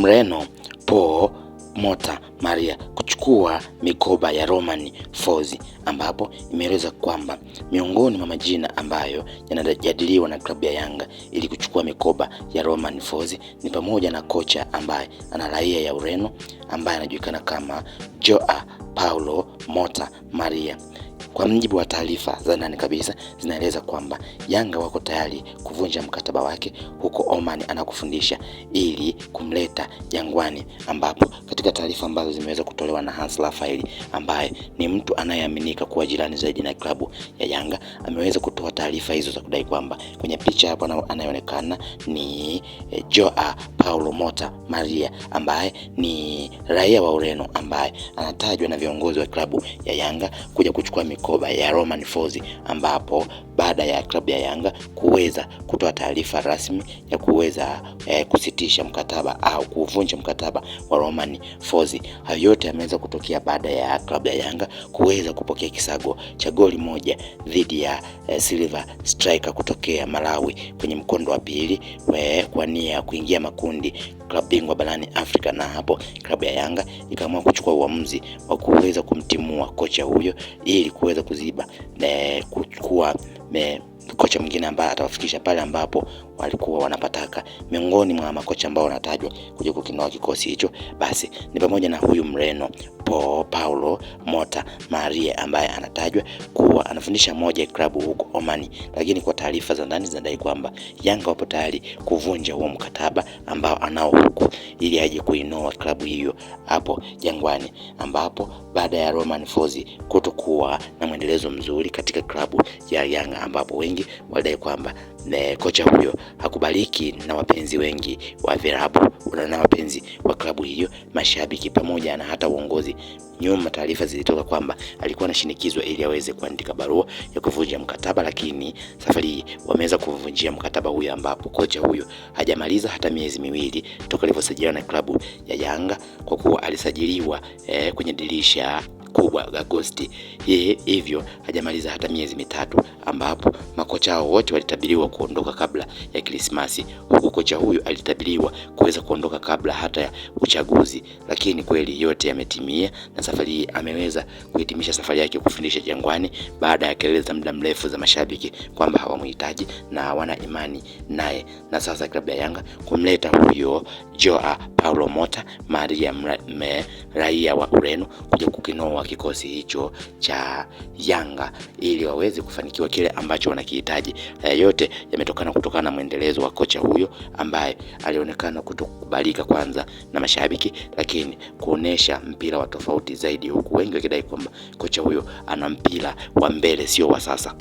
Mreno po Mota Maria kuchukua mikoba ya Roman Fozi, ambapo imeeleza kwamba miongoni mwa majina ambayo yanajadiliwa na klabu ya Yanga ili kuchukua mikoba ya Roman Fozi ni pamoja na kocha ambaye ana raia ya Ureno ambaye anajulikana kama Joao Paulo Mota Maria kwa mjibu wa taarifa za ndani kabisa, zinaeleza kwamba Yanga wako tayari kuvunja mkataba wake huko Oman anakufundisha ili kumleta Jangwani, ambapo katika taarifa ambazo zimeweza kutolewa na Hans Raphael ambaye ni mtu anayeaminika kuwa jirani zaidi na klabu ya Yanga ameweza kutoa taarifa hizo za kudai kwamba kwenye picha hapo anayeonekana ni e, Joa Paulo Mota Maria ambaye ni raia wa Ureno ambaye anatajwa na viongozi wa klabu ya Yanga kuja kuchukua mikoba ya Roman Fozi, ambapo baada ya klabu ya Yanga kuweza kutoa taarifa rasmi ya kuweza eh, kusitisha mkataba au kuvunja mkataba wa Romain Folz. Hayo yote yameweza kutokea baada ya klabu ya Yanga kuweza kupokea kisago cha goli moja dhidi ya eh, Silver Striker kutokea Malawi kwenye mkondo wa pili eh, kwa nia ya kuingia makundi klabu bingwa barani Afrika, na hapo klabu ya Yanga ikaamua kuchukua uamuzi wa kuweza kumtimua kocha huyo ili kuweza kuziba eh, me kocha mwingine ambaye atawafikisha pale ambapo walikuwa wanapataka. Miongoni mwa makocha ambao wanatajwa kuja kukinoa kikosi hicho, basi ni pamoja na huyu Mreno po Paulo Mota Marie ambaye anatajwa kuwa anafundisha moja ya klabu huko Omani, lakini kwa taarifa za ndani zinadai kwamba Yanga wapo tayari kuvunja huo mkataba ambao anao huku ili aje kuinoa klabu hiyo hapo Jangwani, ambapo baada ya Roman Fozi kutokuwa na mwendelezo mzuri katika klabu ya Yanga, ambapo wengi walidai kwamba ne, kocha huyo hakubaliki na wapenzi wengi wa vilabu na wapenzi wa klabu hiyo, mashabiki pamoja na hata uongozi. Nyuma taarifa zilitoka kwamba alikuwa anashinikizwa ili aweze kuandika barua ya kuvunja mkataba, lakini safari hii wameweza kuvunjia mkataba huyo, ambapo kocha huyo hajamaliza hata miezi miwili toka alivyosajiliwa na klabu ya Yanga, kwa kuwa alisajiliwa eh, kwenye dirisha kubwa Agosti. Yeye hivyo hajamaliza hata miezi mitatu, ambapo makocha hao wote walitabiriwa kuondoka kabla ya Krismasi, huku kocha huyu alitabiriwa kuweza kuondoka kabla hata ya uchaguzi, lakini kweli yote yametimia, na safari hii ameweza kuhitimisha safari yake kufundisha Jangwani baada ya kelele za muda mrefu za mashabiki kwamba hawamhitaji na hawana imani naye, na sasa klabu ya Yanga kumleta huyo Joao Paulo Mota Maria, raia wa Ureno kuja kukinoa wa kikosi hicho cha Yanga ili waweze kufanikiwa kile ambacho wanakihitaji. Haya eh, yote yametokana kutokana na mwendelezo wa kocha huyo ambaye alionekana kutokubalika kwanza na mashabiki, lakini kuonesha mpira wa tofauti zaidi, huku wengi wakidai kwamba kocha huyo ana mpira wa mbele, sio wa sasa.